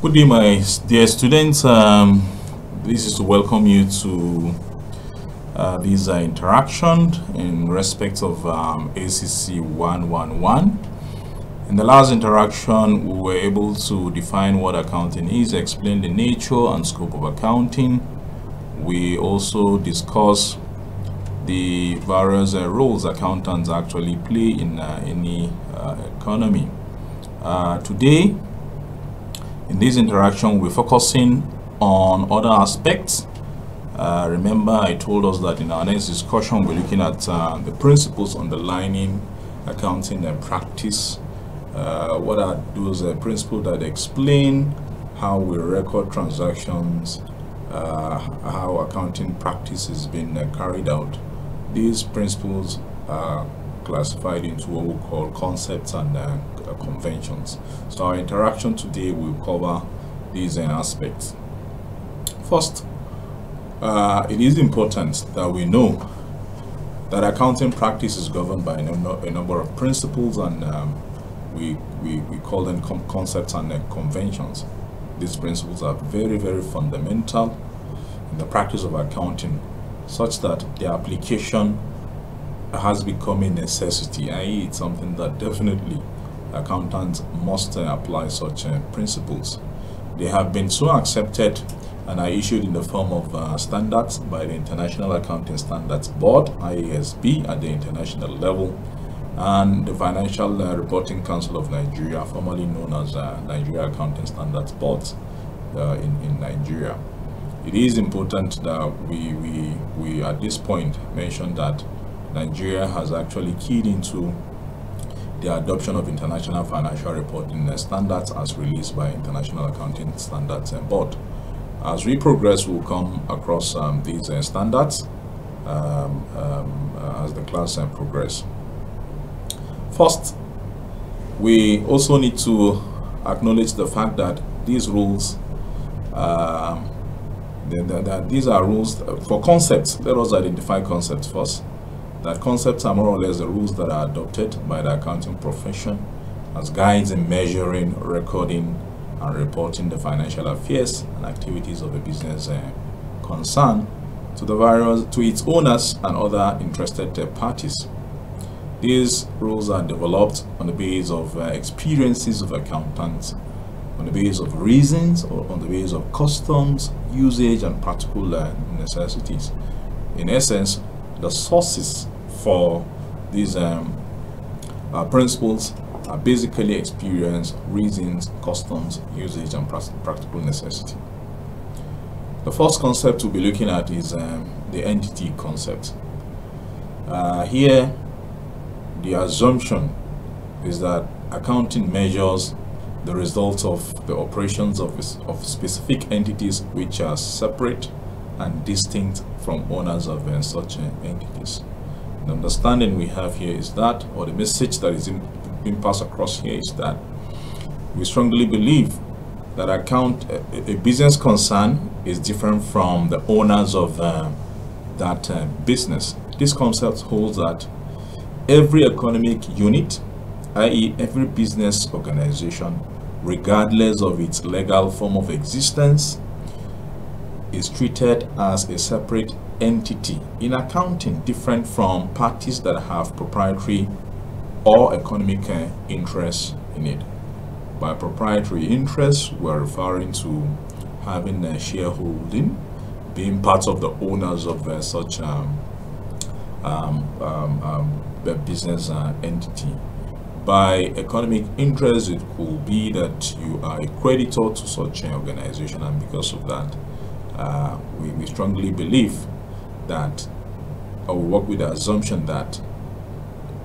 Good day, my dear students. Um, this is to welcome you to uh, this uh, interaction in respect of um, ACC 111. In the last interaction, we were able to define what accounting is, explain the nature and scope of accounting. We also discussed the various uh, roles accountants actually play in uh, any uh, economy. Uh, today, in this interaction, we're focusing on other aspects. Uh, remember, I told us that in our next discussion, we're looking at uh, the principles underlining accounting and practice. Uh, what are those uh, principles that explain how we record transactions, uh, how accounting practice is being uh, carried out. These principles are classified into what we call concepts and uh, conventions. So our interaction today will cover these uh, aspects. First, uh, it is important that we know that accounting practice is governed by a number of principles and um, we, we, we call them concepts and uh, conventions. These principles are very, very fundamental in the practice of accounting such that their application has become a necessity, i.e. it's something that definitely accountants must uh, apply such uh, principles. They have been so accepted and are issued in the form of uh, standards by the International Accounting Standards Board, IASB, at the international level, and the Financial Reporting Council of Nigeria, formerly known as Nigeria Accounting Standards Board in, in Nigeria it is important that we, we, we at this point mention that Nigeria has actually keyed into the adoption of international financial reporting standards as released by International Accounting Standards Board. As we progress, we'll come across um, these uh, standards um, um, uh, as the class uh, progress. First, we also need to acknowledge the fact that these rules, uh, that, that, that these are rules uh, for concepts. Let us identify concepts first that concepts are more or less the rules that are adopted by the accounting profession as guides in measuring, recording, and reporting the financial affairs and activities of a business uh, concern to the various to its owners and other interested uh, parties. These rules are developed on the basis of uh, experiences of accountants, on the basis of reasons, or on the basis of customs, usage, and particular uh, necessities. In essence, the sources for these um, uh, principles are basically experience, reasons, customs, usage, and practical necessity. The first concept we'll be looking at is um, the entity concept. Uh, here, the assumption is that accounting measures the results of the operations of, of specific entities which are separate and distinct from owners of uh, such uh, entities. The understanding we have here is that, or the message that is being passed across here is that we strongly believe that account a, uh, a business concern is different from the owners of uh, that uh, business. This concept holds that every economic unit, i.e. every business organization, regardless of its legal form of existence, is treated as a separate entity in accounting different from parties that have proprietary or economic uh, interests in it. By proprietary interests, we're referring to having a shareholding, being part of the owners of uh, such um, um, um, a um, business uh, entity. By economic interest, it could be that you are a creditor to such an uh, organization, and because of that, uh, we, we strongly believe that or work with the assumption that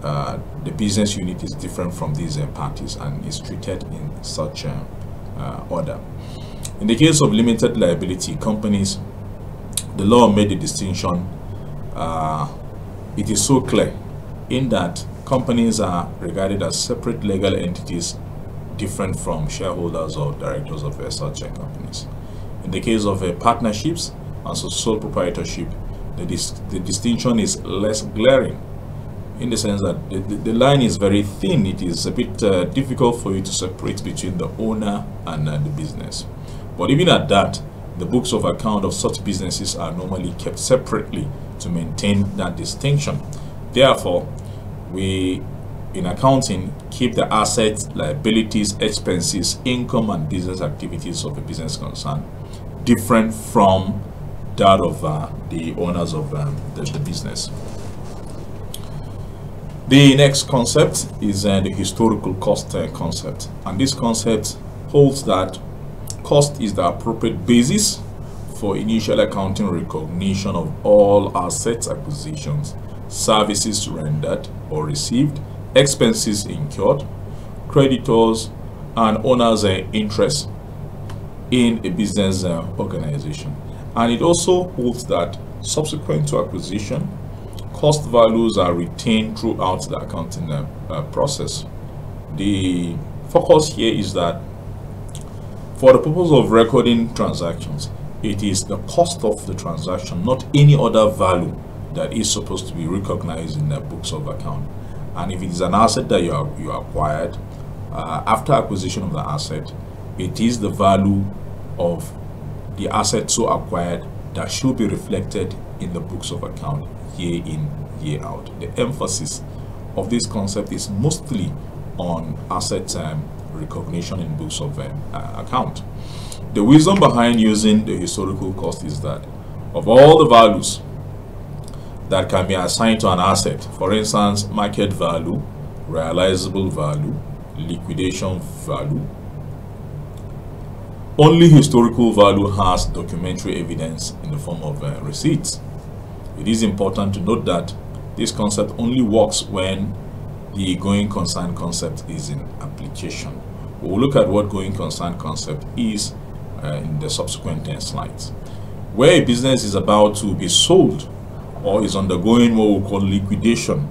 uh, the business unit is different from these uh, parties and is treated in such uh, uh, order. In the case of limited liability companies, the law made a distinction. Uh, it is so clear in that companies are regarded as separate legal entities different from shareholders or directors of such companies. In the case of uh, partnerships and sole proprietorship, the, dis the distinction is less glaring in the sense that the, the, the line is very thin. It is a bit uh, difficult for you to separate between the owner and uh, the business. But even at that, the books of account of such businesses are normally kept separately to maintain that distinction. Therefore, we in accounting keep the assets, liabilities, expenses, income and business activities of a business concern different from that of uh, the owners of um, the, the, business. The next concept is uh, the historical cost uh, concept. And this concept holds that cost is the appropriate basis for initial accounting recognition of all assets acquisitions, services rendered or received, expenses incurred, creditors, and owners' uh, interest in a business uh, organization. And it also holds that subsequent to acquisition, cost values are retained throughout the accounting uh, uh, process. The focus here is that for the purpose of recording transactions, it is the cost of the transaction, not any other value that is supposed to be recognized in the books of account. And if it is an asset that you, are, you acquired, uh, after acquisition of the asset, it is the value of the asset so acquired that should be reflected in the books of account year in, year out. The emphasis of this concept is mostly on asset um, recognition in books of um, uh, account. The wisdom behind using the historical cost is that of all the values that can be assigned to an asset, for instance, market value, realizable value, liquidation value, only historical value has documentary evidence in the form of uh, receipts. It is important to note that this concept only works when the going concern concept is in application. We'll look at what going concern concept is uh, in the subsequent 10 uh, slides. Where a business is about to be sold or is undergoing what we call liquidation,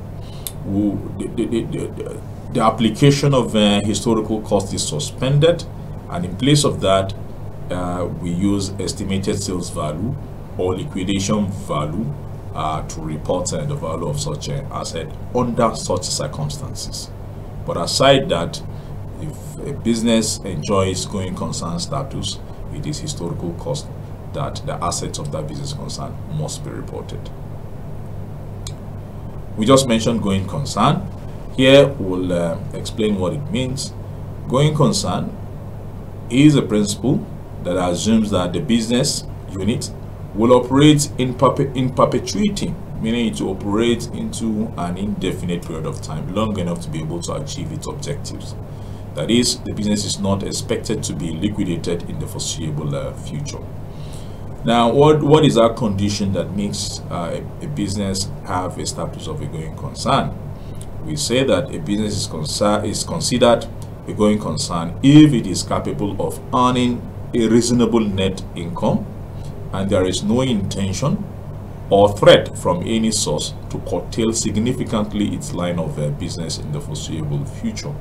we'll, the, the, the, the, application of uh, historical cost is suspended and in place of that, uh, we use estimated sales value or liquidation value uh, to report uh, the value of such an uh, asset under such circumstances. But aside that, if a business enjoys going concern status, it is historical cost that the assets of that business concern must be reported. We just mentioned going concern. Here we'll uh, explain what it means. Going concern is a principle that assumes that the business unit will operate in, perpe in perpetuity, meaning it will operate into an indefinite period of time, long enough to be able to achieve its objectives. That is, the business is not expected to be liquidated in the foreseeable uh, future. Now, what, what is that condition that makes uh, a, a business have a status of a going concern? We say that a business is, is considered a going concern if it is capable of earning a reasonable net income and there is no intention or threat from any source to curtail significantly its line of uh, business in the foreseeable future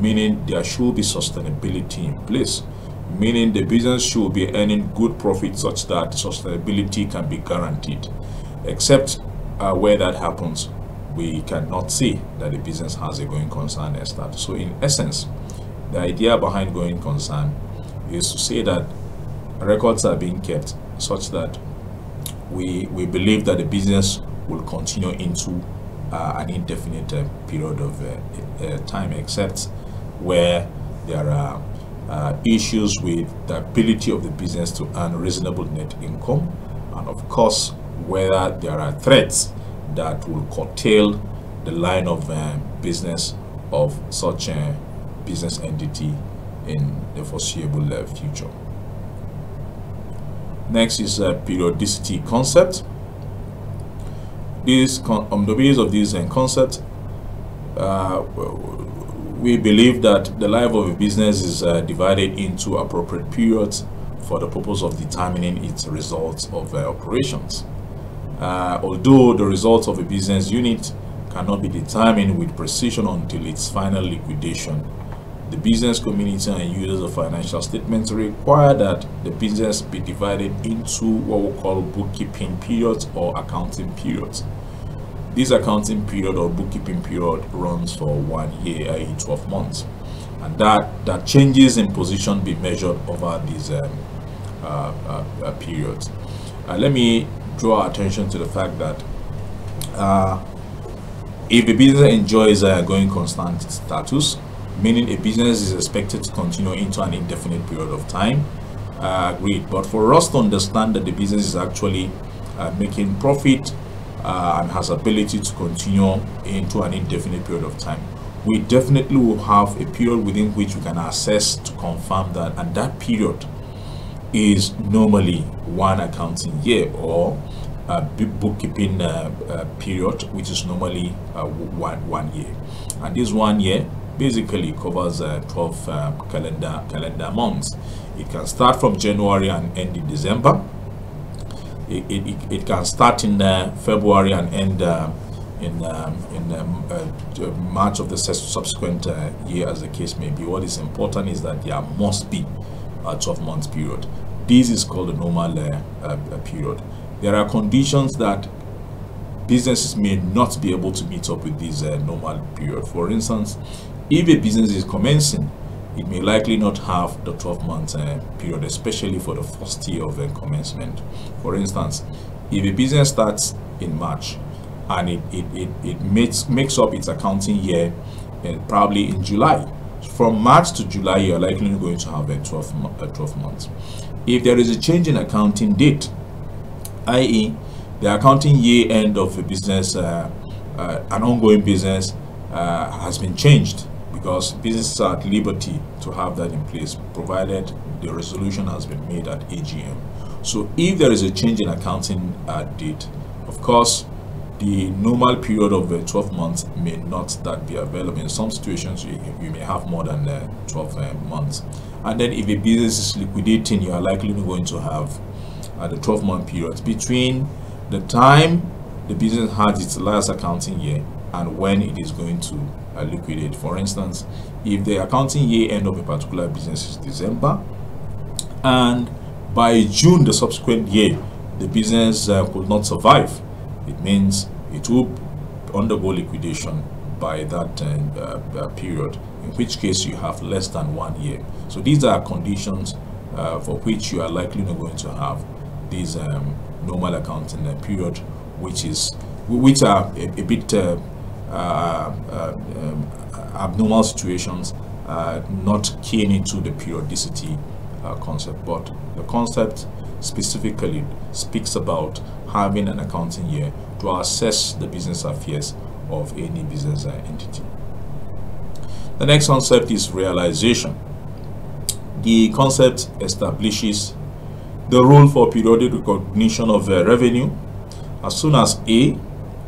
meaning there should be sustainability in place meaning the business should be earning good profit such that sustainability can be guaranteed except uh, where that happens we cannot see that the business has a going concern as that so in essence the idea behind going concern is to say that records are being kept such that we we believe that the business will continue into uh, an indefinite uh, period of uh, uh time except where there are uh, issues with the ability of the business to earn reasonable net income and of course whether there are threats that will curtail the line of uh, business of such a business entity in the foreseeable uh, future. Next is a uh, periodicity concept. This con on the basis of this uh, concept, uh, we believe that the life of a business is uh, divided into appropriate periods for the purpose of determining its results of uh, operations. although the results of a business unit cannot be determined with precision until its final liquidation the business community and users of financial statements require that the business be divided into what we call bookkeeping periods or accounting periods. This accounting period or bookkeeping period runs for one year, i.e. 12 months. And that, that changes in position be measured over these um, uh, uh, uh, periods. Uh, let me draw attention to the fact that uh, if a business enjoys a uh, going constant status, meaning a business is expected to continue into an indefinite period of time. Uh, agreed. But for us to understand that the business is actually uh, making profit uh, and has ability to continue into an indefinite period of time, we definitely will have a period within which we can assess to confirm that, and that period is normally one accounting year or a bookkeeping uh, uh, period, which is normally uh, one one year. And this one year basically covers uh, 12 uh, calendar calendar months. It can start from January and end in December. It, it, it can start in uh, February and end in, um, in um, uh, March of the subsequent uh, year, as the case may be. What is important is that there must be a 12-month period. This is called a normal uh, period. There are conditions that businesses may not be able to meet up with this normal period. For instance, if a business is commencing, it may likely not have the 12 month uh, period, especially for the first year of uh, commencement. For instance, if a business starts in March and it, it, it, it makes, makes up its accounting year uh, probably in July, from March to July, you're likely going to have a 12, a 12 months. If there is a change in accounting date, i.e., the accounting year end of a business, uh, uh, an ongoing business, uh, has been changed because businesses are at liberty to have that in place provided the resolution has been made at AGM. So if there is a change in accounting uh, date, of course, the normal period of uh, 12 months may not that be available. In some situations, you, you may have more than uh, 12 uh, months. And then if a business is liquidating, you are likely going to have uh, the 12-month period between the time the business had its last accounting year and when it is going to uh, liquidate. For instance, if the accounting year end of a particular business is December, and by June the subsequent year, the business uh, could not survive, it means it will undergo liquidation by that uh, uh, period, in which case you have less than one year. So these are conditions uh, for which you are likely not going to have this um, normal accounting uh, period, which is which are a, a bit uh, uh, uh, abnormal situations, not keying into the periodicity concept. But the concept specifically speaks about having an accounting year to assess the business affairs of any business entity. The next concept is realization. The concept establishes the rule for periodic recognition of uh, revenue as soon as A,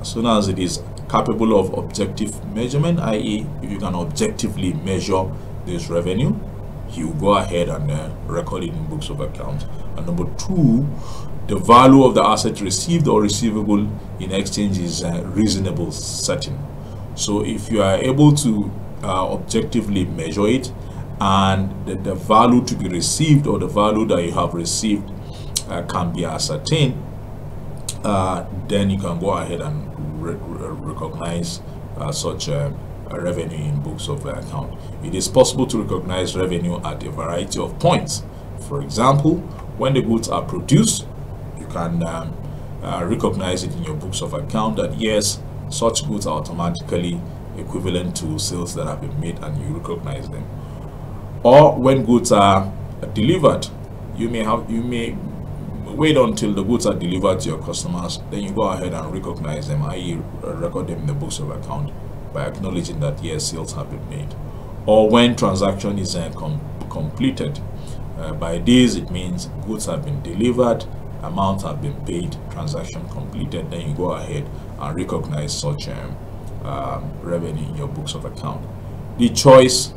as soon as it is capable of objective measurement, i.e. if you can objectively measure this revenue, you go ahead and uh, record it in books of accounts. And number two, the value of the asset received or receivable in exchange is uh, reasonable certain. So if you are able to uh, objectively measure it and the, the, value to be received or the value that you have received uh, can be ascertained, uh, then you can go ahead and recognize uh, such um, revenue in books of account. It is possible to recognize revenue at a variety of points. For example, when the goods are produced, you can um, uh, recognize it in your books of account that yes, such goods are automatically equivalent to sales that have been made and you recognize them. Or when goods are delivered, you may have you may wait until the goods are delivered to your customers, then you go ahead and recognize them, i.e. record them in the books of account by acknowledging that yes, sales have been made. Or when transaction is uh, com completed, uh, by this it means goods have been delivered, amounts have been paid, transaction completed, then you go ahead and recognize such um, um, revenue in your books of account. The choice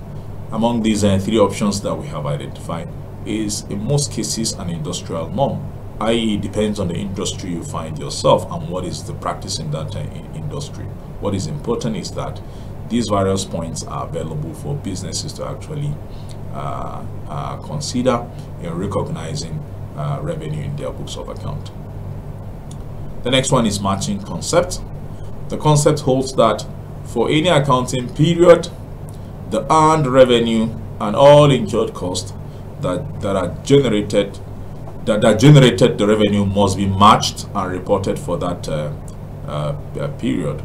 among these uh, three options that we have identified is in most cases an industrial norm i.e. depends on the industry you find yourself and what is the practice in that uh, industry. What is important is that these various points are available for businesses to actually uh, uh, consider in recognizing uh, revenue in their books of account. The next one is matching concept. The concept holds that for any accounting period, the earned revenue and all incurred costs that, that are generated that, that generated the revenue must be matched and reported for that uh, uh, uh period.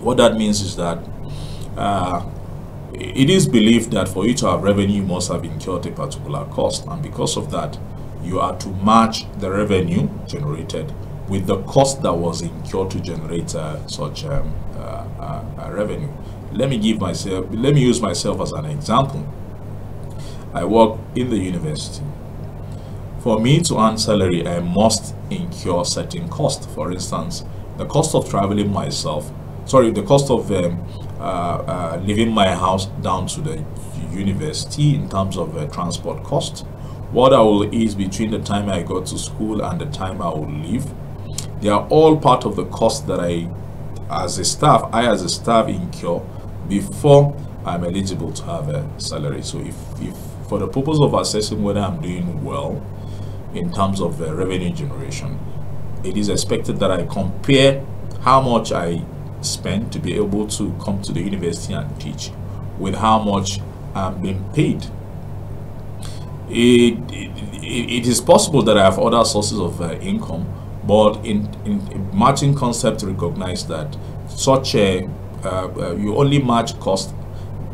What that means is that uh, it is believed that for you to have revenue, you must have incurred a particular cost. And because of that, you are to match the revenue generated with the cost that was incurred to generate uh, such um, uh, uh, uh revenue. Let me give myself, let me use myself as an example. I work in the university for me to earn salary, I must incur certain costs. For instance, the cost of traveling myself, sorry, the cost of um, uh, uh, leaving my house down to the university in terms of uh, transport cost, what I will eat between the time I go to school and the time I will leave. They are all part of the cost that I, as a staff, I as a staff incur before I'm eligible to have a salary. So if, if for the purpose of assessing whether I'm doing well, in terms of uh, revenue generation. It is expected that I compare how much I spend to be able to come to the university and teach with how much I'm being paid. It, it, it is possible that I have other sources of uh, income, but in, in matching concept recognize that such a uh, uh you only match cost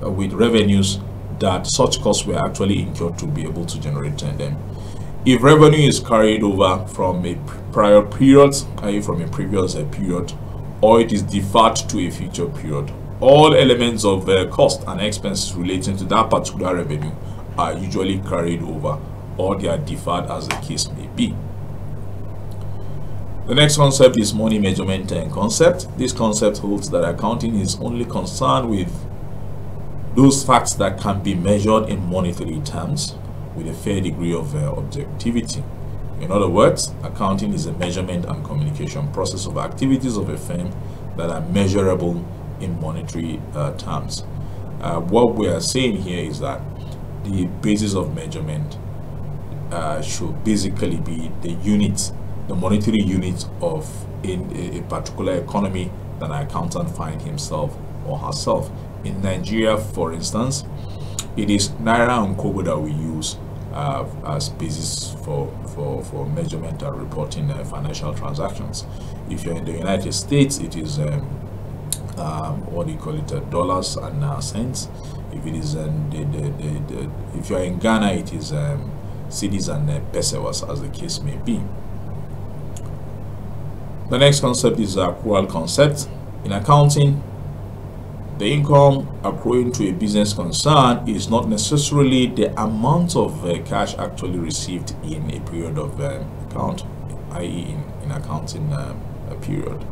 uh, with revenues that such costs were actually incurred to be able to generate uh, them if revenue is carried over from a prior period carried from a previous uh, period or it is deferred to a future period all elements of uh, cost and expenses relating to that particular revenue are usually carried over or they are deferred as the case may be the next concept is money measurement and concept this concept holds that accounting is only concerned with those facts that can be measured in monetary terms with a fair degree of uh, objectivity. In other words, accounting is a measurement and communication process of activities of a firm that are measurable in monetary uh, terms. Uh, what we are saying here is that the basis of measurement uh, should basically be the units, the monetary units of in a, particular economy that an accountant find himself or herself. In Nigeria, for instance, it is Naira and Kobo that we use as basis for, for, for measurement and reporting uh, financial transactions. If you're in the United States, it is um, um, what do you call it, uh, dollars and uh, cents. If it is, um, the, the, the, if you are in Ghana, it is um, cedis and uh, pesewas, as the case may be. The next concept is a accrual concept. In accounting, the income accruing to a business concern is not necessarily the amount of uh, cash actually received in a period of uh, account, i.e. in, in accounting uh, period.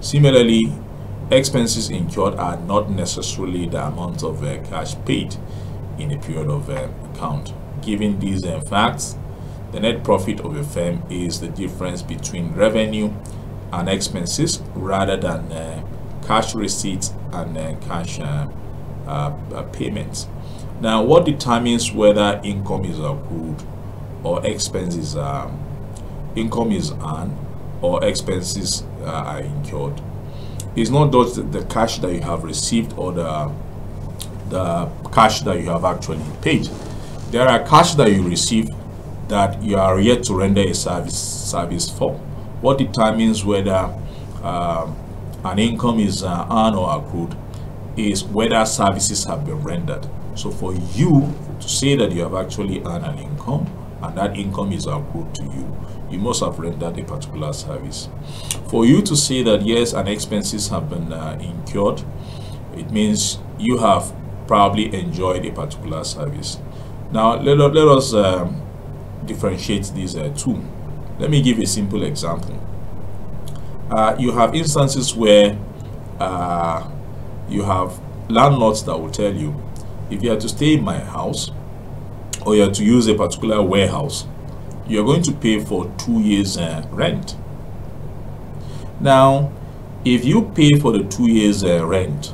Similarly, expenses incurred are not necessarily the amount of uh, cash paid in a period of uh, account. Given these uh, facts, the net profit of a firm is the difference between revenue and expenses rather than uh, cash receipts and cash um, uh, uh, payments. Now, what determines whether income is accrued or expenses are um, income is earned or expenses uh, are incurred? It's not just the cash that you have received or the the cash that you have actually paid. There are cash that you receive that you are yet to render a service service for. What determines whether um, an income is uh, earned or accrued is whether services have been rendered. So for you to say that you have actually earned an income and that income is accrued to you, you must have rendered a particular service. For you to say that yes, and expenses have been uh, incurred, it means you have probably enjoyed a particular service. Now let, let us um, differentiate these uh, two. Let me give a simple example. Uh, you have instances where uh, you have landlords that will tell you if you are to stay in my house or you are to use a particular warehouse you're going to pay for two years uh, rent now if you pay for the two years uh, rent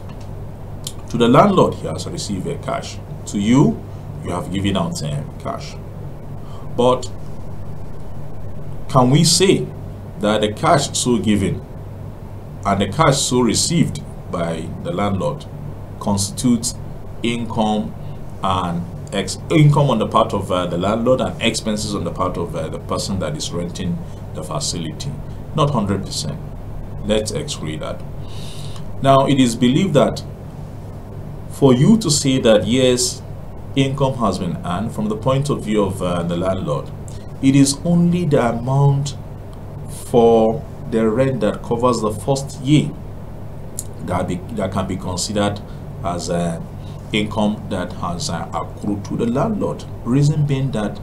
to the landlord he has received cash to you you have given out uh, cash but can we say that the cash so given and the cash so received by the landlord constitutes income and income on the part of uh, the landlord and expenses on the part of uh, the person that is renting the facility not 100% let's exclude that now it is believed that for you to say that yes income has been earned from the point of view of uh, the landlord it is only the amount for the rent that covers the first year that, be, that can be considered as uh, income that has uh, accrued to the landlord. Reason being that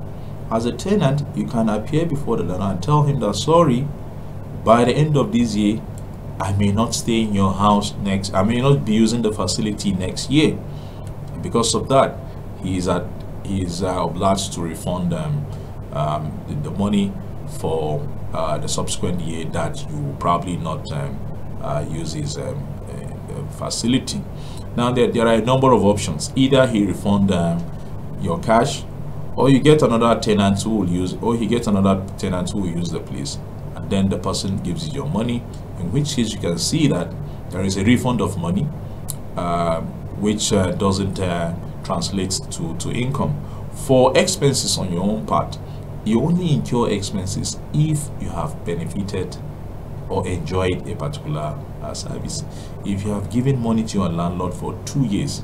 as a tenant, you can appear before the landlord and tell him that, sorry, by the end of this year, I may not stay in your house next, I may not be using the facility next year. And because of that, he is, at, he is uh, obliged to refund um, um, the, the money for uh, the subsequent year that you will probably not um, uh, use his um, uh, uh, facility. Now there, there are a number of options. Either he refund um, your cash or you get another tenant who will use or he gets another tenant who will use the place and then the person gives you your money in which case you can see that there is a refund of money uh, which uh, doesn't uh, translate to, to income for expenses on your own part you only incur expenses if you have benefited or enjoyed a particular uh, service. If you have given money to your landlord for two years,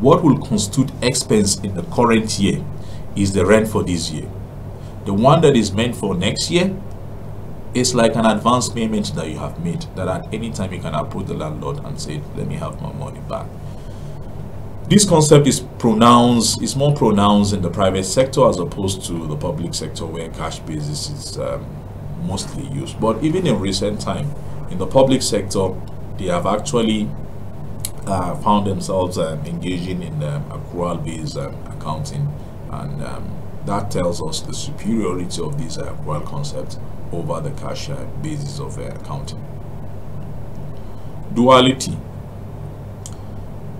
what will constitute expense in the current year is the rent for this year. The one that is meant for next year is like an advance payment that you have made that at any time you can approach the landlord and say, let me have my money back. This concept is pronounced it's more pronounced in the private sector as opposed to the public sector where cash basis is um, mostly used but even in recent time in the public sector they have actually uh, found themselves um, engaging in um, accrual based um, accounting and um, that tells us the superiority of these uh, accrual concepts over the cash uh, basis of uh, accounting duality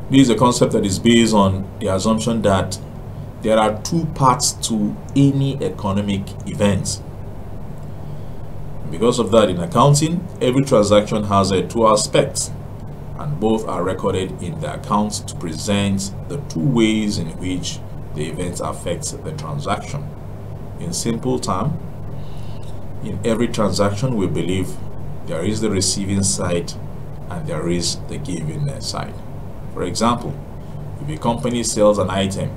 this is a concept that is based on the assumption that there are two parts to any economic event. Because of that, in accounting, every transaction has a two aspects, and both are recorded in the accounts to present the two ways in which the event affects the transaction. In simple terms, in every transaction, we believe there is the receiving side and there is the giving side. For example, if a company sells an item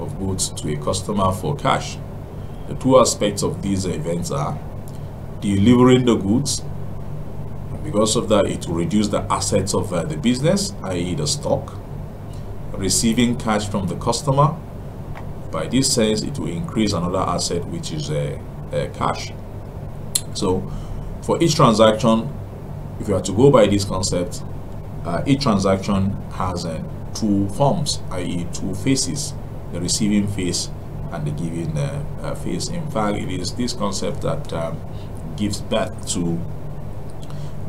of goods to a customer for cash, the two aspects of these events are delivering the goods, because of that it will reduce the assets of uh, the business, i.e. the stock, receiving cash from the customer, by this sense it will increase another asset which is uh, uh, cash. So for each transaction, if you are to go by this concept, uh, each transaction has uh, two forms i.e two faces the receiving face and the giving uh, uh, face in fact it is this concept that um, gives birth to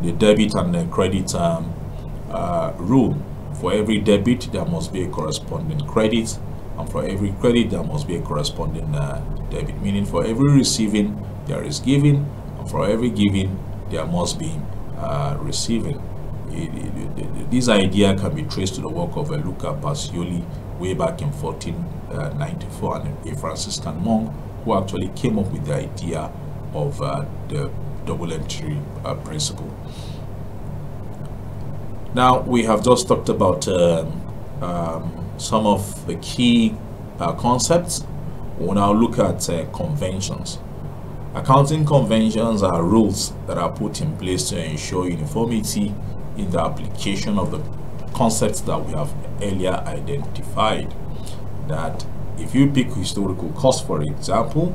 the debit and the credit um, uh, rule for every debit there must be a corresponding credit and for every credit there must be a corresponding uh, debit meaning for every receiving there is giving and for every giving there must be receiving this idea can be traced to the work of Luca Pacioli way back in 1494 and a Franciscan monk who actually came up with the idea of uh, the double entry uh, principle. Now we have just talked about um, um, some of the key uh, concepts. We'll now look at uh, conventions. Accounting conventions are rules that are put in place to ensure uniformity in the application of the concepts that we have earlier identified that if you pick historical cost for example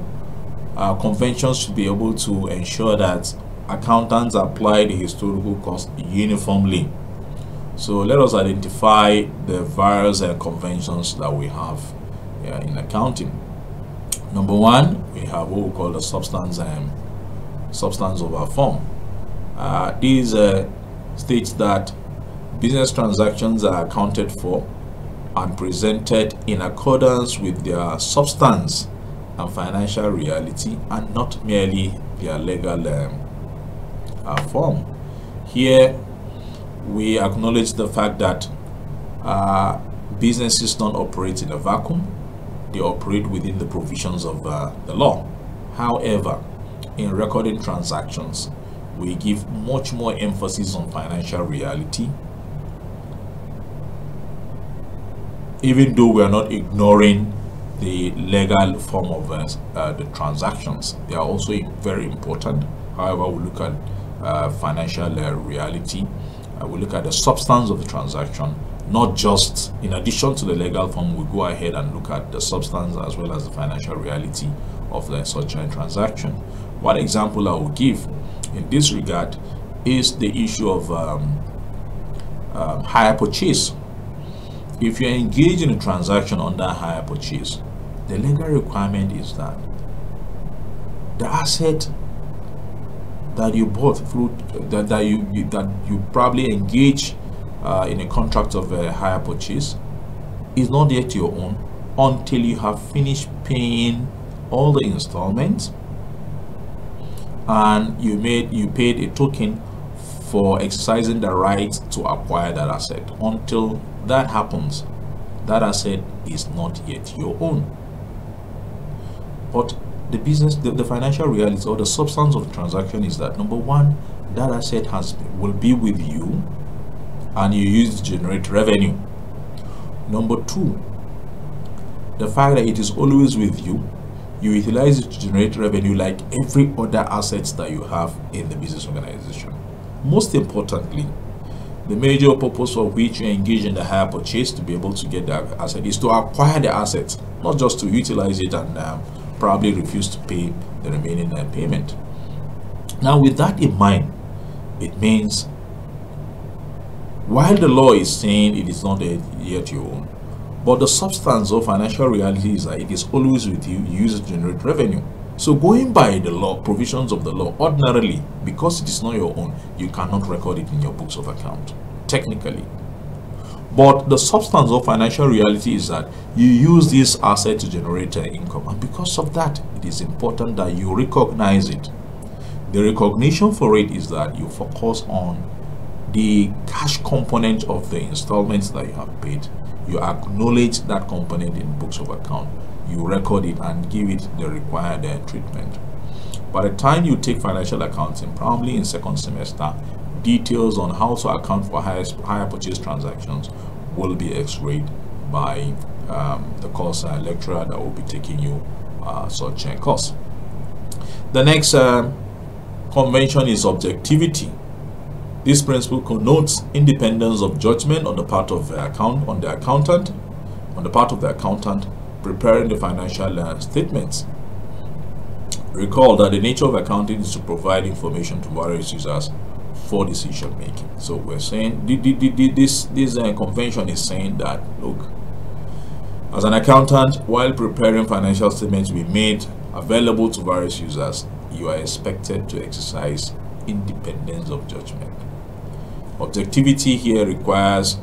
uh, conventions should be able to ensure that accountants apply the historical cost uniformly so let us identify the various uh, conventions that we have uh, in accounting number one we have what we call the substance and um, substance over form uh, these uh, states that business transactions are accounted for and presented in accordance with their substance and financial reality and not merely their legal um, uh, form. Here, we acknowledge the fact that uh, businesses don't operate in a vacuum. They operate within the provisions of uh, the law. However, in recording transactions, we give much more emphasis on financial reality even though we are not ignoring the legal form of uh, uh the transactions they are also very important however we look at uh, financial uh, reality uh, we look at the substance of the transaction not just in addition to the legal form we go ahead and look at the substance as well as the financial reality of the such a transaction one example i will give in this regard is the issue of um, um, hire purchase. If you're engaged in a transaction under hire purchase, the legal requirement is that the asset that you bought through that, that you, that you probably engage uh, in a contract of a hire purchase is not yet your own until you have finished paying all the installments and you made you paid a token for exercising the right to acquire that asset until that happens that asset is not yet your own but the business the, the financial reality or the substance of the transaction is that number one that asset has will be with you and you use to generate revenue number two the fact that it is always with you you utilize it to generate revenue like every other assets that you have in the business organization. Most importantly, the major purpose for which you engage in the hire purchase to be able to get that asset is to acquire the asset, not just to utilize it and um, probably refuse to pay the remaining uh, payment. Now, with that in mind, it means while the law is saying it is not yet your own, but the substance of financial reality is that it is always with you, you use it to generate revenue. So going by the law, provisions of the law, ordinarily, because it is not your own, you cannot record it in your books of account, technically. But the substance of financial reality is that you use this asset to generate uh, income. And because of that, it is important that you recognize it. The recognition for it is that you focus on the cash component of the installments that you have paid you acknowledge that component in books of account you record it and give it the required uh, treatment by the time you take financial accounting probably in second semester details on how to account for higher, higher purchase transactions will be explained by um, the course uh, lecturer that will be taking you uh, such a course the next uh, convention is objectivity this principle connotes independence of judgment on the part of the account on the accountant, on the part of the accountant preparing the financial uh, statements. Recall that the nature of accounting is to provide information to various users for decision making. So we're saying this this uh, convention is saying that look, as an accountant, while preparing financial statements we made available to various users, you are expected to exercise independence of judgment. Objectivity here requires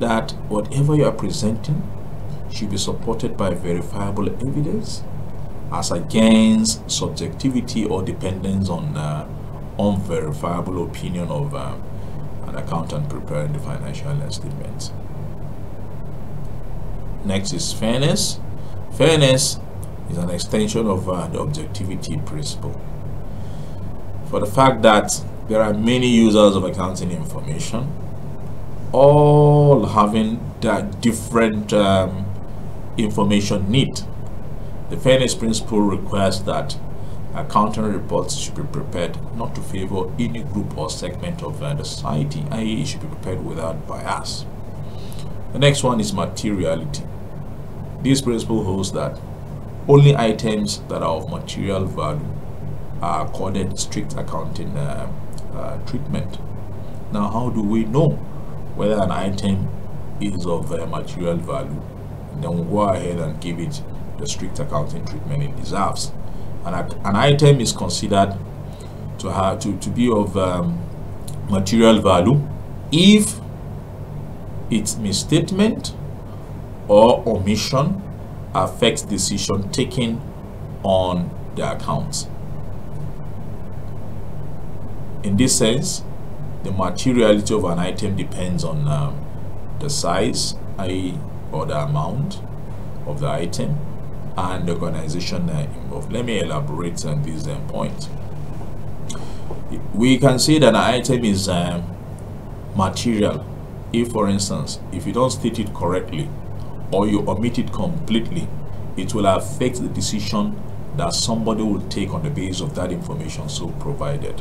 that whatever you are presenting should be supported by verifiable evidence as against subjectivity or dependence on uh, unverifiable opinion of uh, an accountant preparing the financial statements. Next is fairness. Fairness is an extension of uh, the objectivity principle. For the fact that there are many users of accounting information, all having that different um, information need. The fairness principle requires that accounting reports should be prepared not to favor any group or segment of uh, the society, i.e. should be prepared without bias. The next one is materiality. This principle holds that only items that are of material value are accorded strict accounting uh, uh, treatment. Now, how do we know whether an item is of uh, material value? And then we'll go ahead and give it the strict accounting treatment it deserves. An, an item is considered to, have, to, to be of um, material value if its misstatement or omission affects decision taken on the accounts. In this sense, the materiality of an item depends on um, the size i.e. or the amount of the item and the organization uh, involved. Let me elaborate on this um, point. We can say that an item is um, material if for instance if you don't state it correctly or you omit it completely it will affect the decision that somebody will take on the basis of that information so provided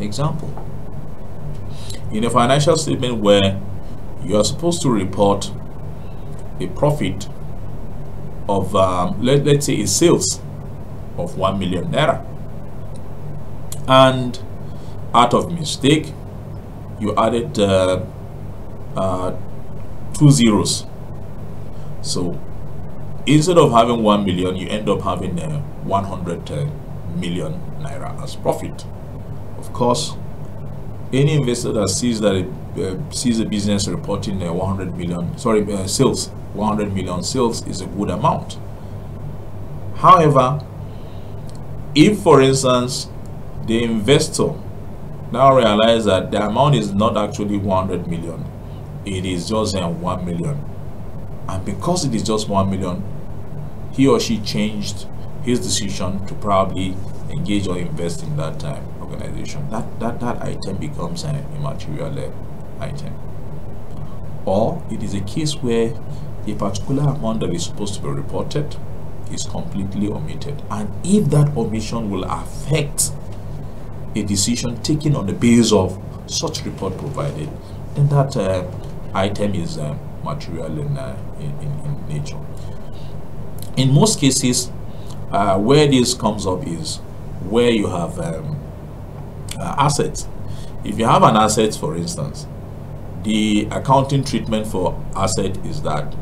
Example, in a financial statement where you are supposed to report a profit of, um, let, let's say, a sales of 1 million naira. And out of mistake, you added uh, uh, two zeros. So instead of having 1 million, you end up having uh, 100 uh, million naira as profit. Of course, any investor that sees that it uh, sees a business reporting uh, 100 million, sorry, uh, sales, 100 million sales is a good amount. However, if for instance, the investor now realize that the amount is not actually 100 million, it is just uh, 1 million. And because it is just 1 million, he or she changed his decision to probably engage or invest in that time organization, that, that, that item becomes an immaterial item. Or it is a case where a particular amount that is supposed to be reported is completely omitted. And if that omission will affect a decision taken on the basis of such report provided, then that uh, item is uh, material in, uh, in, in, nature. In most cases, uh, where this comes up is where you have um, uh, assets. If you have an asset, for instance, the accounting treatment for asset is that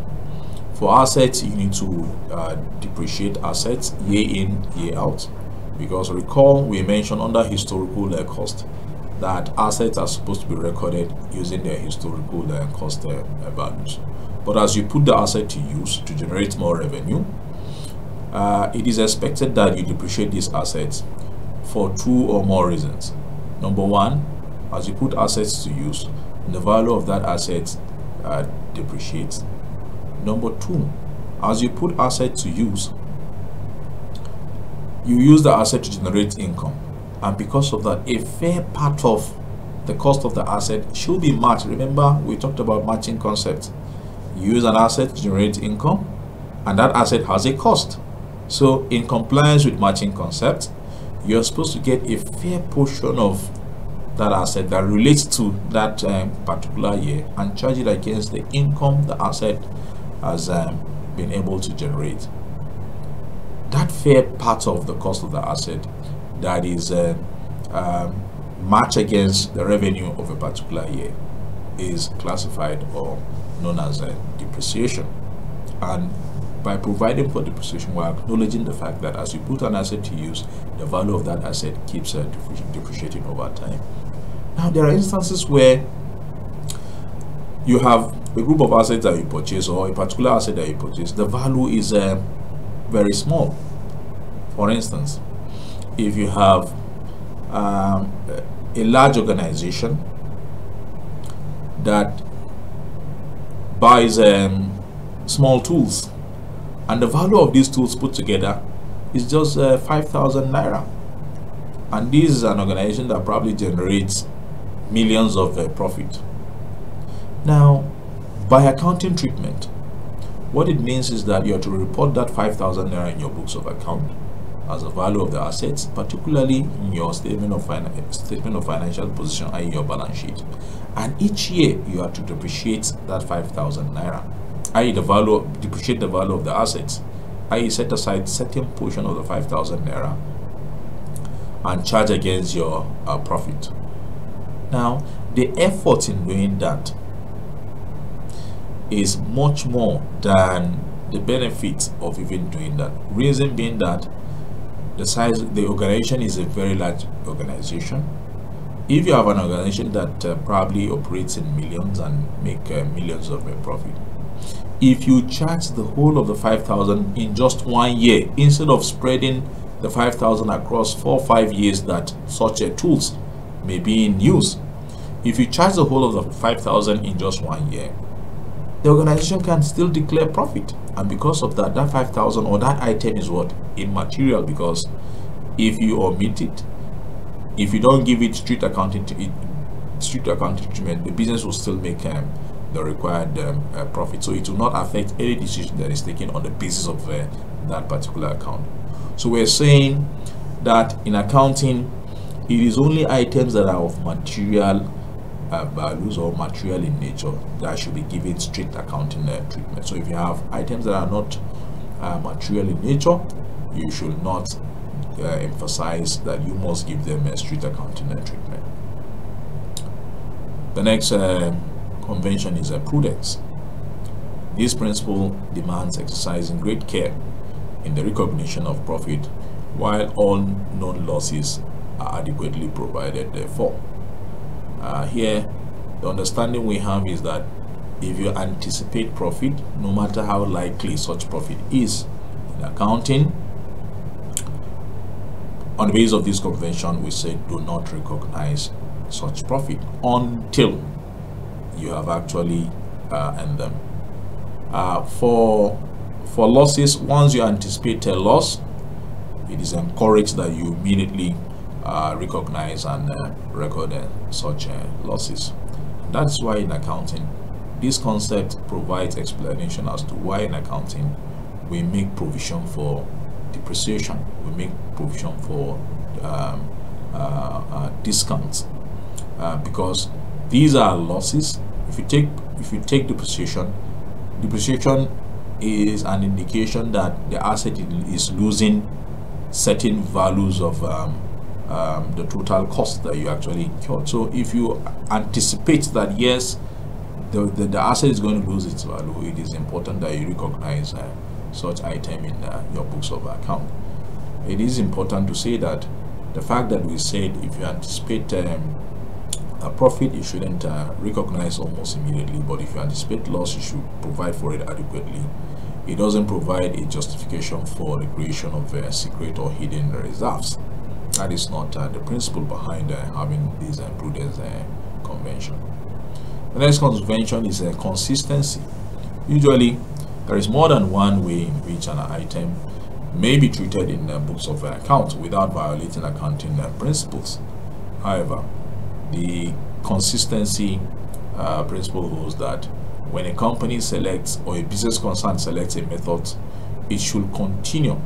for assets, you need to uh, depreciate assets year in, year out. Because recall, we mentioned under historical uh, cost that assets are supposed to be recorded using their historical uh, cost values. But as you put the asset to use to generate more revenue, uh, it is expected that you depreciate these assets for two or more reasons. Number one, as you put assets to use, the value of that asset uh, depreciates. Number two, as you put asset to use, you use the asset to generate income. And because of that, a fair part of the cost of the asset should be matched. Remember, we talked about matching concept. You use an asset to generate income, and that asset has a cost. So in compliance with matching concept, you're supposed to get a fair portion of that asset that relates to that um, particular year and charge it against the income the asset has um, been able to generate. That fair part of the cost of the asset that is uh, um, matched against the revenue of a particular year is classified or known as uh, depreciation. And by providing for depreciation while acknowledging the fact that as you put an asset to use, the value of that asset keeps uh, depreciating over time. Now, there are instances where you have a group of assets that you purchase or a particular asset that you purchase, the value is uh, very small. For instance, if you have um, a large organization that buys um, small tools and the value of these tools put together is just uh, 5,000 naira and this is an organization that probably generates millions of uh, profit now by accounting treatment what it means is that you are to report that 5,000 naira in your books of account as the value of the assets, particularly in your statement of, statement of financial position, i.e. your balance sheet. And each year, you are to depreciate that 5,000 Naira i.e. the value, depreciate the value of the assets, i.e. set aside certain portion of the 5,000 naira and charge against your uh, profit. Now, the effort in doing that is much more than the benefit of even doing that. Reason being that the size, the organization is a very large organization. If you have an organization that uh, probably operates in millions and make uh, millions of a profit, if you charge the whole of the 5000 in just one year instead of spreading the 5000 across four five years that such a tools may be in use if you charge the whole of the 5000 in just one year the organization can still declare profit and because of that that 5000 or that item is what immaterial because if you omit it if you don't give it strict accounting to it accounting treatment the business will still make um, the required um, uh, profit. So it will not affect any decision that is taken on the basis of uh, that particular account. So we're saying that in accounting, it is only items that are of material uh, values or material in nature that should be given strict accounting uh, treatment. So if you have items that are not uh, material in nature, you should not uh, emphasize that you must give them a strict accounting treatment. The next um, convention is a prudence. This principle demands exercising great care in the recognition of profit while all known losses are adequately provided for. Uh, here, the understanding we have is that if you anticipate profit, no matter how likely such profit is in accounting, on the basis of this convention, we say do not recognize such profit until you have actually uh, earned them. Uh, for, for losses, once you anticipate a loss, it is encouraged that you immediately uh, recognize and uh, record uh, such uh, losses. That's why in accounting, this concept provides explanation as to why in accounting we make provision for depreciation, we make provision for um, discounts, because these are losses if you take if you take depreciation depreciation is an indication that the asset is losing certain values of um, um, the total cost that you actually incurred so if you anticipate that yes the, the, the, asset is going to lose its value it is important that you recognize uh, such item in uh, your books of account it is important to say that the fact that we said if you anticipate um, a profit you shouldn't uh, recognize almost immediately but if you anticipate loss you should provide for it adequately it doesn't provide a justification for the creation of uh, secret or hidden reserves that is not uh, the principle behind uh, having this uh, prudence uh, convention the next convention is a uh, consistency usually there is more than one way in which an item may be treated in the books of accounts without violating accounting principles however the consistency uh, principle holds that when a company selects or a business concern selects a method, it should continue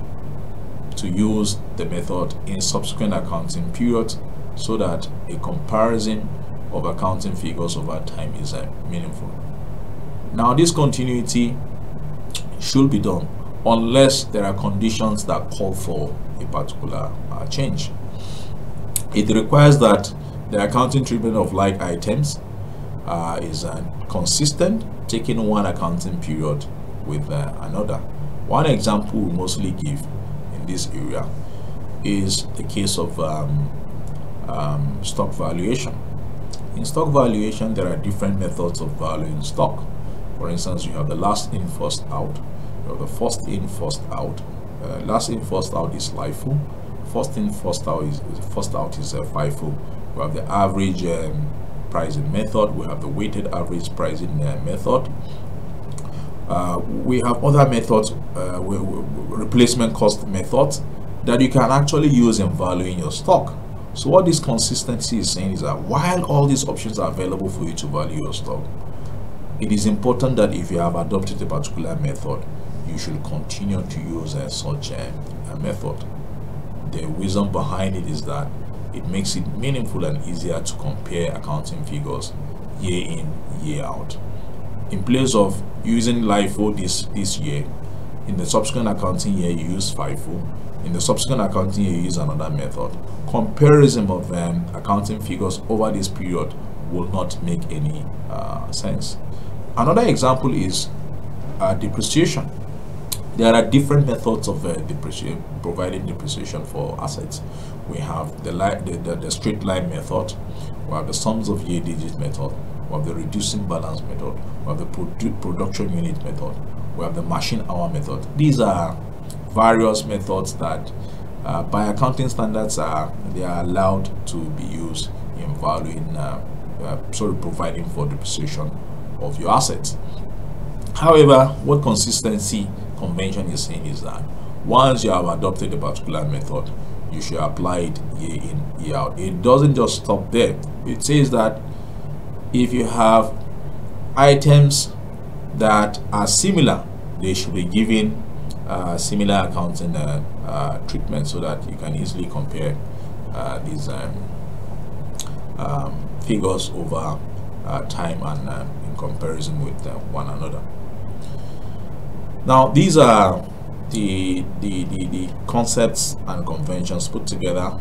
to use the method in subsequent accounting periods so that a comparison of accounting figures over time is uh, meaningful. Now, this continuity should be done unless there are conditions that call for a particular uh, change. It requires that the accounting treatment of like items uh, is uh, consistent, taking one accounting period with uh, another. One example we mostly give in this area is the case of um, um, stock valuation. In stock valuation, there are different methods of valuing stock. For instance, you have the last in, first out. You have the first in, first out. Uh, last in, first out is LIFO. First in, first out is first out is a uh, FIFO we have the average um, pricing method we have the weighted average pricing uh, method uh, we have other methods uh, we, we, replacement cost methods that you can actually use in valuing your stock so what this consistency is saying is that while all these options are available for you to value your stock it is important that if you have adopted a particular method you should continue to use uh, such um, a method the reason behind it is that it makes it meaningful and easier to compare accounting figures year in, year out. In place of using LIFO this, this year, in the subsequent accounting year you use FIFO, in the subsequent accounting year you use another method. Comparison of um, accounting figures over this period will not make any uh, sense. Another example is uh, depreciation there are different methods of uh, depreciation, providing depreciation for assets. We have the, the, the, the, straight line method, we have the sums of year digit method, we have the reducing balance method, we have the produ production unit method, we have the machine hour method. These are various methods that uh, by accounting standards are uh, they are allowed to be used in valuing uh, uh, sorry providing for depreciation of your assets however what consistency convention is saying is that once you have adopted a particular method, you should apply it year in, year out. It doesn't just stop there. It says that if you have items that are similar, they should be given uh, similar accounting uh, uh, treatment so that you can easily compare uh, these um, um, figures over uh, time and uh, in comparison with one another. Now, these are the, the, the, the concepts and conventions put together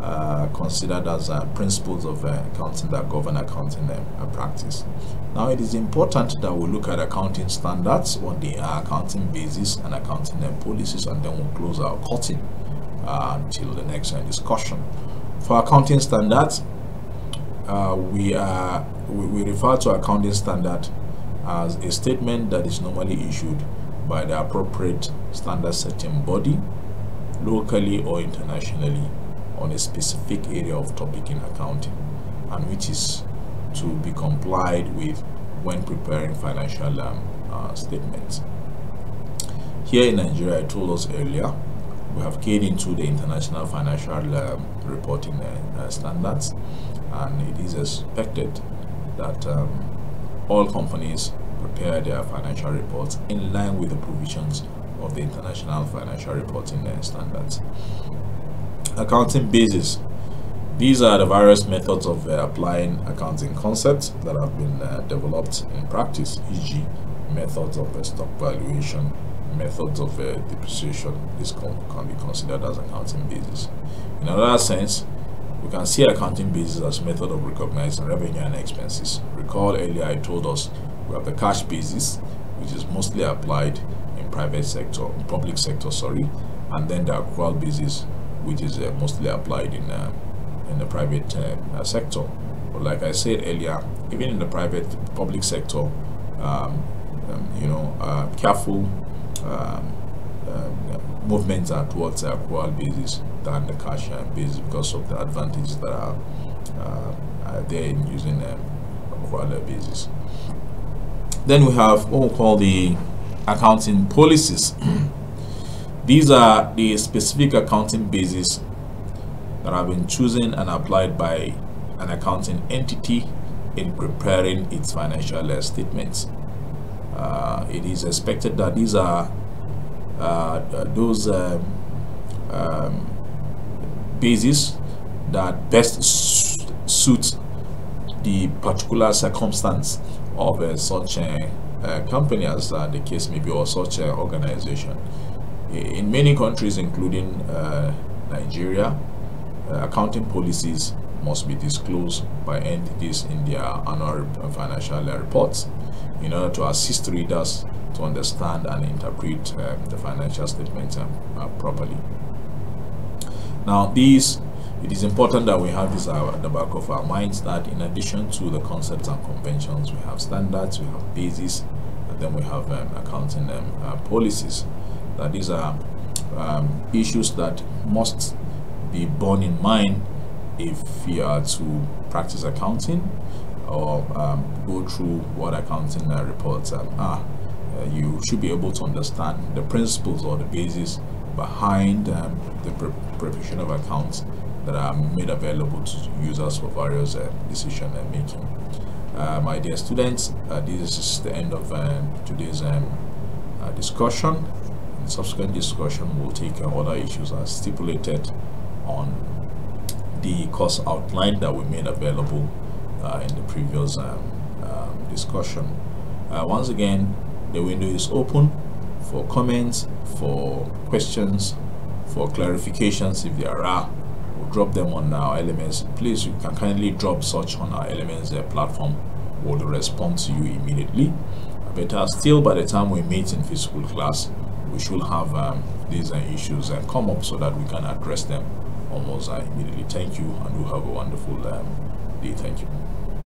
uh, considered as uh, principles of uh, accounting that govern accounting uh, practice. Now it is important that we look at accounting standards, what they are, uh, accounting basis and accounting uh, policies and then we'll close our cutting until the next discussion. For accounting standards, we, are, we, we refer to accounting standard as a statement that is normally issued by the appropriate standard setting body, locally or internationally, on a specific area of topic in accounting, and which is to be complied with when preparing financial um, uh, statements. Here in Nigeria, I told us earlier, we have keyed into the international financial um, reporting uh, uh, standards, and it is expected that um, all companies prepare their financial reports in line with the provisions of the International Financial Reporting Standards. Accounting basis. These are the various methods of uh, applying accounting concepts that have been uh, developed in practice, e.g. methods of uh, stock valuation, methods of uh, depreciation. This can, can be considered as accounting basis. In another sense, we can see accounting basis as method of recognizing revenue and expenses. Recall earlier I told us we have the cash basis, which is mostly applied in private sector, public sector, sorry, and then the accrual basis, which is uh, mostly applied in uh, in the private um, uh, sector. But like I said earlier, even in the private public sector, um, um, you know, uh, careful um, um, movements are towards the accrual basis than the cash uh, basis because of the advantages that are, uh, are there in using um, accrual basis. Then we have what we call the accounting policies. These are the specific accounting bases that have been chosen and applied by an accounting entity in preparing its financial statements. Uh, it is expected that these are uh, those um, um, bases that best suit the particular circumstance of uh, such a uh, company as uh, the case may be or such an organization. In many countries, including uh, Nigeria, uh, accounting policies must be disclosed by entities in their annual uh, financial reports in order to assist readers to understand and interpret um, the financial statements um, properly. Now, these it is important that we have this at the back of our minds that in addition to the concepts and conventions, we have standards, we have bases, and then we have um, accounting um, uh, policies. That these are um, issues that must be borne in mind if you are to practice accounting or um, go through what accounting uh, reports um, are. Uh, you should be able to understand the principles or the basis behind um, the pre of accounts that are made available to users for various uh, decision uh, making. Uh, my dear students, uh, this is the end of today's um, discussion. In subsequent discussion, will take other issues as stipulated on the course outline that we made available in the previous um, um, discussion. once again, the window is open for comments, for questions, for clarifications if there are drop them on our elements please you can kindly drop such on our elements The platform will respond to you immediately but uh, still by the time we meet in physical class we should have um, these uh, issues uh, come up so that we can address them almost uh, immediately thank you and do have a wonderful um, day thank you